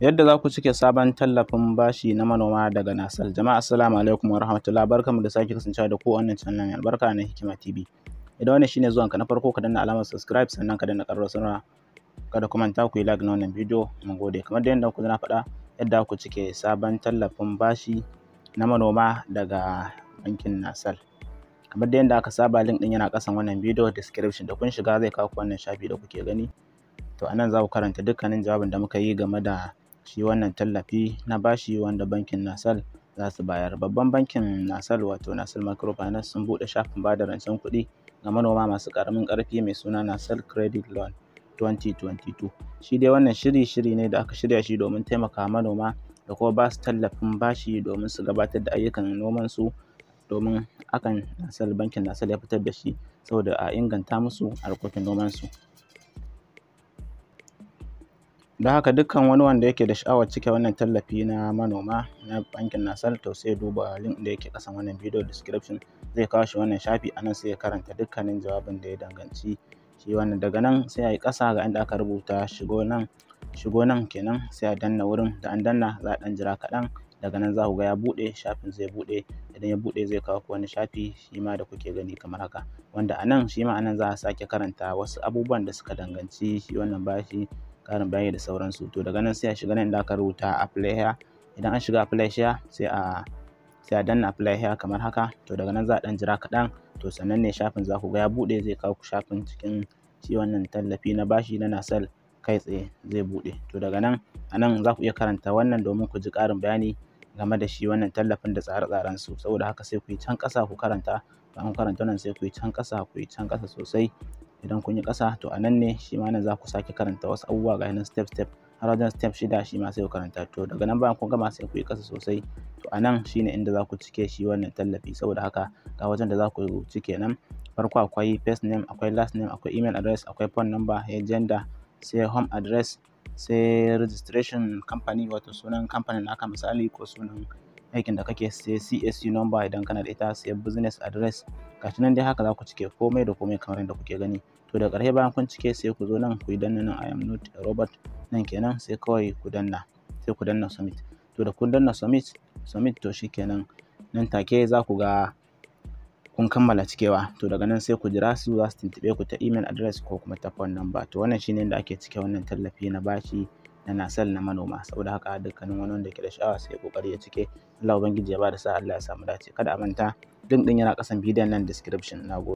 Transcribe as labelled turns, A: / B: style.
A: Yadda za ku cike sabon tallafin bashi na manoma daga Nasal. Jama'a assalamu alaikum wa rahmatullah barkamu da sake kasancewa da ku wannan channel albarka na Hikima TV. Idan wannan shine zuwan ka na farko ka danna alamar subscribe sannan ka danna ƙarfar sanarwa kada ku manta ku yi like na wannan bidiyo mun gode. Kamar da yadda ku na faɗa yadda ku cike sabon tallafin bashi na manoma daga bankin Nasal. Kamar da yadda aka saba link ɗin yana ƙasan wannan bidiyo description da kun shiga zai kawo ku wannan shafi da kuke gani. To anan za ku karanta dukkanin jawabin da muka yi game da shi wannan tallafi na bashi wanda bankin Nasal za su bayar. Babban bankin Nasal wato Nasal Microfinance sun buɗe shafin bada rancen kuɗi ga manoma masu ƙaramin ƙarfi mai suna Nasal Credit Loan 2022. Shi dai wannan shiri shiri ne da aka shirya shi domin taimaka manoma da kuma ba su tallafin bashi domin su gabatar da ayyukan nomansu domin akan Nasal bankin Nasal ya fitar da shi saboda a inganta musu harkokin noman su don haka dukkan wani wanda yake da sha'awar cike wannan tallafi na manoma na bankin nasar to sai duba link da yake kasan wannan video description zai kawo shi wannan shafi anan sai ya karanta dukkanin jawabin da ya danganci shi wannan daga nan sai a yi kasa ga inda aka rubuta shigo nan shigo nan kenan sai a danna wurin da an danna za a ɗan jira kaɗan daga nan za ku ga ya buɗe shafin zai buɗe idan ya buɗe zai kawo ku wani shafi shi ma da kuke gani kamar haka wanda anan nan shi ma a za a sake karanta wasu abubuwan da suka danganci shi wannan bashi ƙarin bayani da sauransu to daga nan sai a shiga nan da aka rubuta apply here idan an shiga apply here sai a sai a danna apply here kamar haka to daga nan za a dan jira kaɗan to sannan ne shafin za ku ga ya buɗe zai kawo ku shafin cikin shi wannan tallafi na bashi na nasal kai tsaye zai buɗe to daga nan anan nan za ku iya karanta wannan domin ku ji ƙarin bayani game da shi wannan tallafin da tsare-tsaren su saboda haka sai ku yi can ƙasa ku karanta bayan karanta nan sai ku yi can ƙasa ku yi can ƙasa sosai idan kun yi ƙasa to a nan ne shi ma nan za ku sake karanta wasu abubuwa ga nan step step har wajen step shida shi ma sai ku karanta to daga nan bayan kun gama sai ku yi ƙasa sosai to a nan shi ne inda za ku cike shi wannan tallafi saboda haka ga wajen da za ku cike nan farko akwai first name akwai last name akwai email address akwai phone number ya gender sai home address sai registration company wato sunan kamfanin naka misali ko sunan aikin da kake sai CSU number idan kana da ita sai business address gashi nan dai haka za ku cike komai da komai kamar yadda kuke gani to da ƙarshe bayan kun cike sai ku zo nan ku yi danna nan I am not Robert nan kenan sai kawai ku danna sai ku danna submit to da kun danna submit submit to shikenan nan take za ku ga kun kammala cikewa to daga nan sai ku jira su za su tuntube ku ta email address ko kuma ta phone number to wannan shine da ake cike wannan tallafi na bashi yana sal na manoma saboda haka dukkanin wani wanda ke da sha'awa sai kokari ya cike Allah ubangiji ya bada sa Allah ya samu dace kada a manta link din yana kasan bidiyon nan description nagode